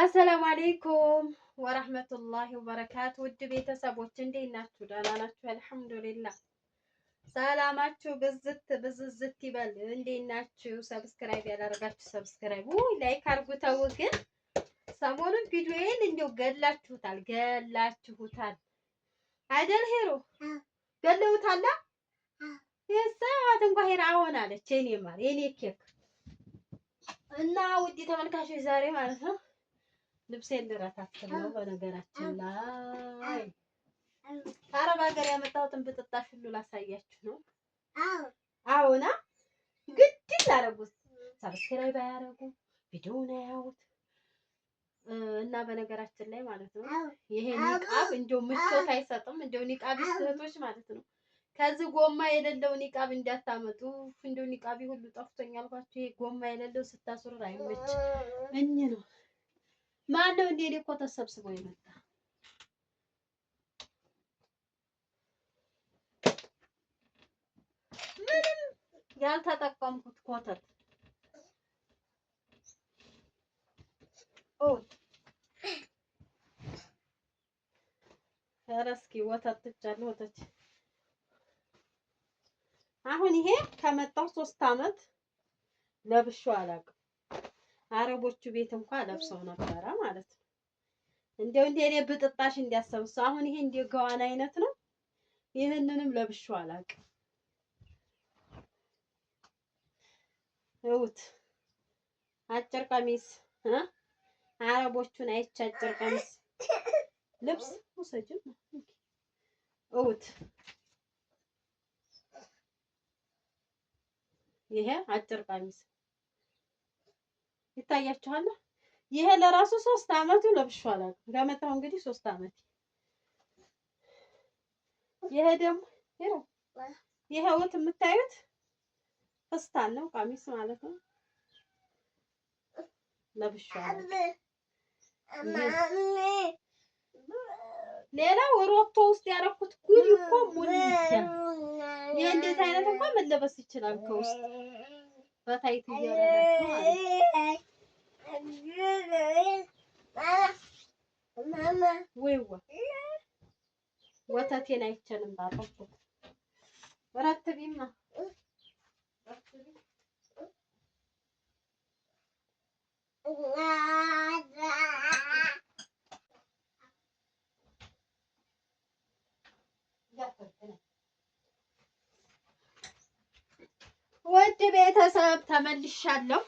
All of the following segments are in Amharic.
አሰላሙ አሌይኩም ወረህመቱላሂ ወበረካቱ። ውድ ቤተሰቦች እንዴት ናችሁ? ደህና ናችሁ? አልሐምዱሊላህ ሰላማችሁ ብዝት ብዝዝት ይበል። እንዴት ናችሁ? ሰብስክራይብ ያላደረጋችሁ ሰብስክራይብ፣ ውይ ላይክ አድርጉ። ተው ግን ሰሞኑን ቪዲዮዬን እንዲሁ ገላችሁታል፣ ገላችሁታል አይደል? ሄሮ ገለውታላ የሰዓት እንኳ ሄራ አሁን አለች የኔ ማር የኔ ኬክ እና ውድ ተመልካቾች ዛሬ ማለት ነው ልብሴን ልረታችን ነው። በነገራችን ላይ ከአረብ ሀገር ያመጣሁትን ብጥጣሽ ሁሉ ላሳያችሁ ነው። አዎና ግድ ላደረጉት ሰብስክራይብ አያደርጉ ቪዲዮውን አያዩት እና በነገራችን ላይ ማለት ነው ይሄ ኒቃብ እንደው ምቾት አይሰጥም። እንደው ኒቃብ እህቶች ማለት ነው ከዚህ ጎማ የሌለው ኒቃብ እንዳታመጡ። እንደው ኒቃቢ ሁሉ ጠፍቶኛል ጓቸው ይሄ ጎማ የሌለው ስታስሩር አይመች እኝ ነው ማነው እንዴ? እኔ እኮ ተሰብስቦ የመጣ ምንም ያልተጠቀምኩት ኮተት ኧረ እስኪ ወተት ትቻለሁ ወተት አሁን ይሄ ከመጣው ሶስት አመት ለብሼው አላውቅም። አረቦቹ ቤት እንኳን ለብሰው ነበረ ማለት ነው። እንደው እንደ እኔ ብጥጣሽ እንዲያሰብሱ አሁን ይሄ እንደ ገዋን አይነት ነው። ይህንንም ለብሼው አላውቅም። እውት አጭር ቀሚስ አረቦቹን አይቼ አጭር ቀሚስ ልብስ ውሰጅም እውት ይሄ አጭር ቀሚስ ይታያችኋል። ይሄ ለራሱ ሶስት አመቱ ለብሻላ ለመጣው እንግዲህ ሶስት አመት። ይሄ ደግሞ ይሄ ወት የምታዩት ፍስታን ነው ቀሚስ ማለት ነው። ለብሻለሁ። ሌላው ሮቶ ውስጥ ያደረኩት ጉድ እኮ ሙሉ ይሄ እንደዚህ አይነት እንኳን መለበስ ይችላል። ከውስጥ በታይት ነው። ወይ ወተቴን አይቻልም ባረኩት ረትቢማ ውድ ቤተሰብ ተመልሻለሁ።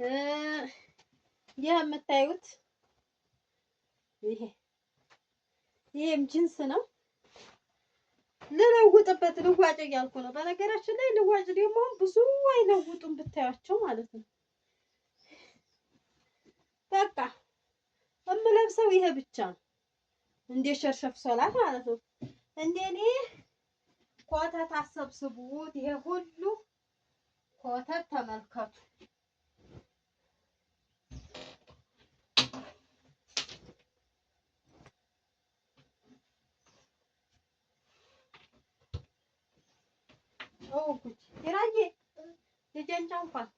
ይህ የምታዩት ይሄ ይሄም ጅንስ ነው። ልለውጥበት ልዋጭ እያልኩ ነው። በነገራችን ላይ ልዋጭ ደግሞ ብዙ አይለውጡም ብታያቸው ማለት ነው። በቃ የምለብሰው ይሄ ብቻ ነው። እንደ ሸርሸፍ ሶላት ማለት ነው። እንደ እኔ ኮተት አሰብስቡት። ይሄ ሁሉ ኮተት ተመልከቱ። የራዬ የጀንቻ እንኳን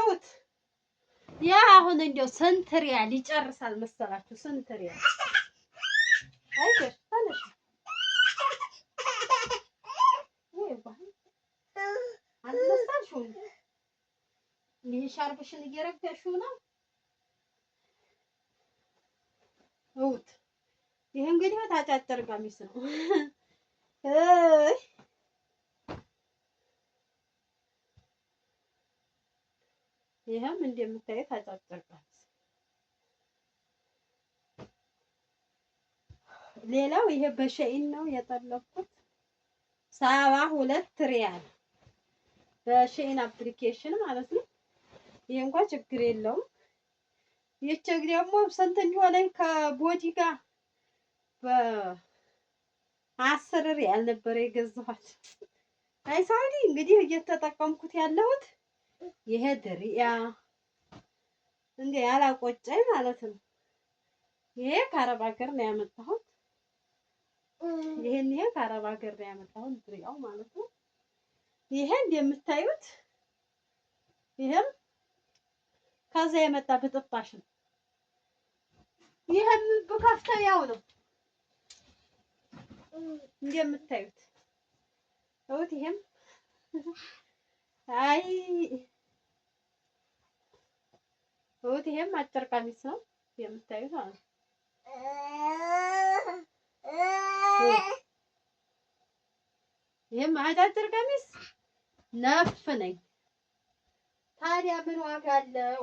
እውት ያ አሁን እንደው ስንት ሪያል ይጨርሳል መሰላችሁ? ስንት ሪያል አይደል? ይሄ ሻርፕሽን እየረገሽው ነው። እንግዲህ በታጫጭር ቀሚስ ነው። ይህም እንደምታዩት አጫጭር ቀሚስ። ሌላው ይሄ በሸይን ነው የጠለፍኩት፣ ሰባ ሁለት ሪያል በሸይን አፕሊኬሽን ማለት ነው። ይሄ እንኳን ችግር የለውም። ይቺ ደግሞ ስንት እንዲሆነኝ ከቦዲ ጋር በአስር ሪያል ነበር የገዛኋት። አይ ሳውዲ እንግዲህ እየተጠቀምኩት ያለሁት ይሄ ድሪያ እንዴ ያላቆጨኝ ማለት ነው። ይሄ ከአረብ ሀገር ነው ያመጣሁት። ይሄን ይሄ ከአረብ ሀገር ነው ያመጣሁት ድሪያው ማለት ነው። ይሄ እንደምታዩት ይሄም ከዛ የመጣ ብጥባሽ ነው። ይሄም ብከፍተው ያው ነው። እንደምታዩት እውት ይሄም አይ እውት ይሄም አጭር ቀሚስ ነው የምታዩት ማለት ነው። ይሄም አጫጭር ቀሚስ ነፍ ነኝ። ታዲያ ምን ዋጋ አለው?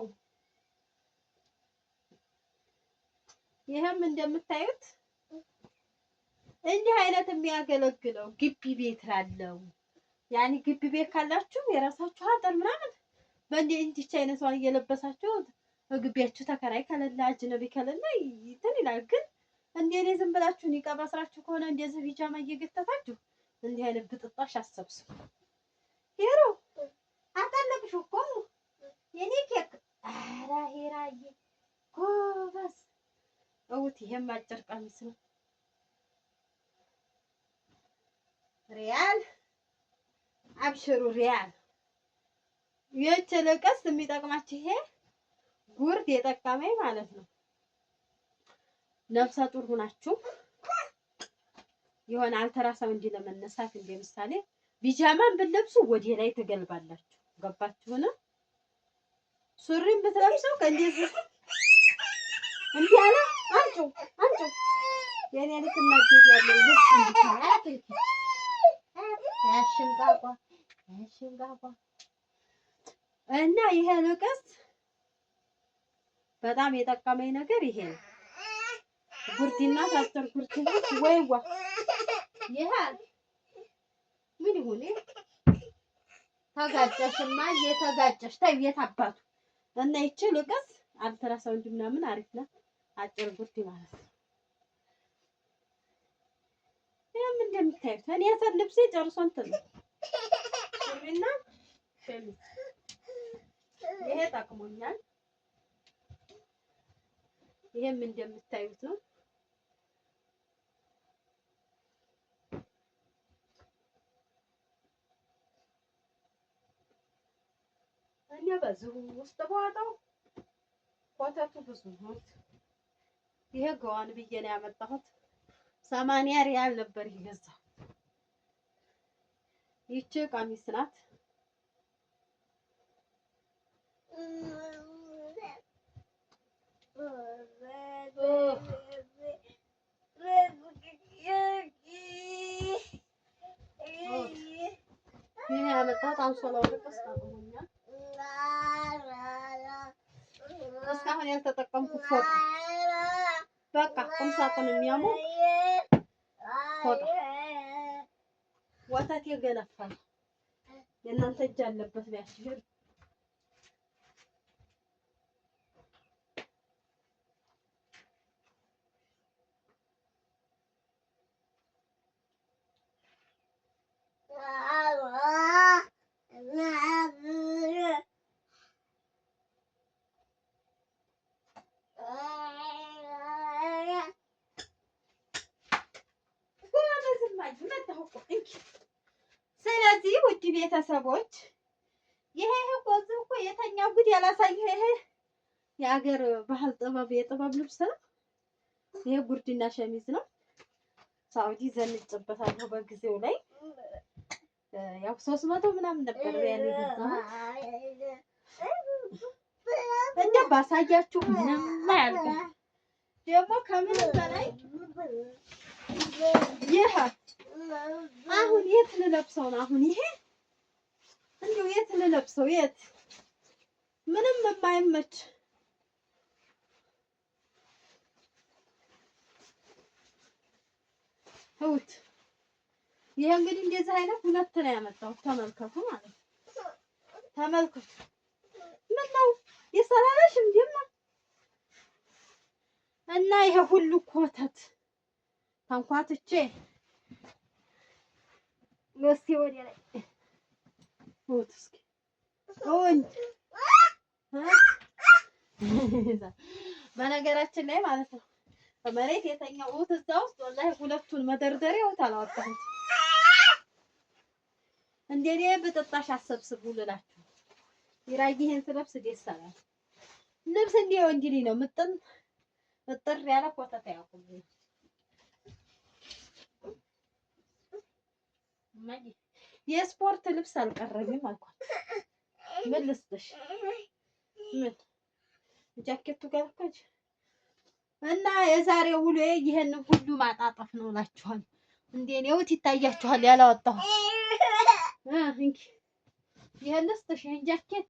ይሄም እንደምታዩት እንዲህ አይነት የሚያገለግለው ግቢ ቤት ላለው ያኔ ግቢ ቤት ካላችሁ የራሳችሁ አጥር ምናምን በእንዲህ እንዲች ሰው እየለበሳችሁ ግቢያችሁ ተከራይ ከሌለ አጅነቢ ከሌለ እንትን ይላል። ግን እንደ እኔ ዝም ብላችሁ ኒቃብ አስራችሁ ከሆነ እንደዚህ ቢጃማ እየገጠታችሁ እንዲህ አይነት ብጥጣሽ አሰብስቡ። ሄሮ አጠለብሽ እኮ የኔ ኬክ። ኧረ ሄራዬ ጎበዝ እውት ይሄም አጭር ቀሚስ ነው። ሪያል አብሽሩ ሪያል የቸለቀስ የሚጠቅማችሁ ይሄ ጉርድ የጠቀመኝ ማለት ነው። ነፍሰ ጡር ሁናችሁ የሆነ አልተራሳውንድ ለመነሳት እንደ ምሳሌ ቢጃማን ብትለብሱ ወደ ላይ ትገልባላችሁ። ገባችሁን? ሱሪን ብትለብሰው ከእንደዚህ እንዲህ አለ አንጩ አንጩ የኔ ልክ እናት ያለው ልብስ እና ይሄ ልቅስ በጣም የጠቀመኝ ነገር ይሄ ነው። ጉርቲና ታስተር ወይዋ ይሄ ምን ይሁን ተጋጨሽማ፣ እየተጋጨሽ ተይ እና ይቺ ልቅስ አልተራሳው ምናምን አሪፍ ናት። አጭር ጉርቲ ማለት ነው። ይህም እንደምታዩት እኔ ልብሴ ጨርሶ እንትን ነው እና ይሄ ጠቅሞኛል። ይህም እንደምታዩት ነው። እኔ በዚሁ ውስጥ በዋጣው ኮተቱ ብዙ ነው። ይሄ ገዋን ብዬ ነው ያመጣሁት። ሰማንያ ሪያል ነበር የገዛው። ይቺ ቀሚስ ናት። ይህ ያመጣሁት አንሶላው ልቅስ ታቆመኛል። እስካሁን ያልተጠቀምኩት ፎጣ በቃ ቁምሳጥን የሚያሞቅ ፎጣ ወተት የገነፋ የእናንተ እጅ አለበት ቢያስችል ቤተሰቦች ይሄ እኮ እዚህ እኮ የተኛው ጉድ ያላሳየ ይሄ የአገር ባህል ጥበብ የጥበብ ልብስ ነው። ይሄ ጉርድና ሸሚዝ ነው። ሳውዲ ዘንጭበታለሁ በጊዜው ላይ ያው ሶስት መቶ ምናምን ነበር ያለ እንደ ባሳያችሁ ምንም አያልቅም። ደግሞ ከምንም በላይ ይሄ አሁን የት ልለብሰው ነው አሁን ይሄ እንዲሁ የት ልለብሰው? የት ምንም የማይመች እውት ይሄ እንግዲህ እንደዚህ አይነት ሁለት ነው ያመጣሁት። ተመልከቱ ማለት ነው። ተመልከቱ ምን ነው የሰራለሽ እንዴማ እና ይሄ ሁሉ ኮተት ተንኳትቼ ወስቴ ወደ ላይ በነገራችን ላይ ማለት ነው መሬት የተኛው ኦት እዛ ውስጥ ወላሂ ሁለቱን መደርደሪያ ኦት አላወጣሁት። እንደኔ ብጥጣሽ አሰብስቡ ልላችሁ ይራጊህን ስለብስ ደስ ልብስ እንዲህ ወንጅሊ ነው ምጥን እጥር ያለ ኮተታ ያውቁልኝ የስፖርት ልብስ አልቀረኝም አልኳት። ምን ልስጥሽ? ምን ጃኬቱ ጋር እኮ እና የዛሬው ውሎ ይሄንን ሁሉ ማጣጣፍ ነው እላችኋል። እንዴ ነው ይታያችኋል። ያላወጣሁ ይሄን ልስጥሽ ይሄን ጃኬት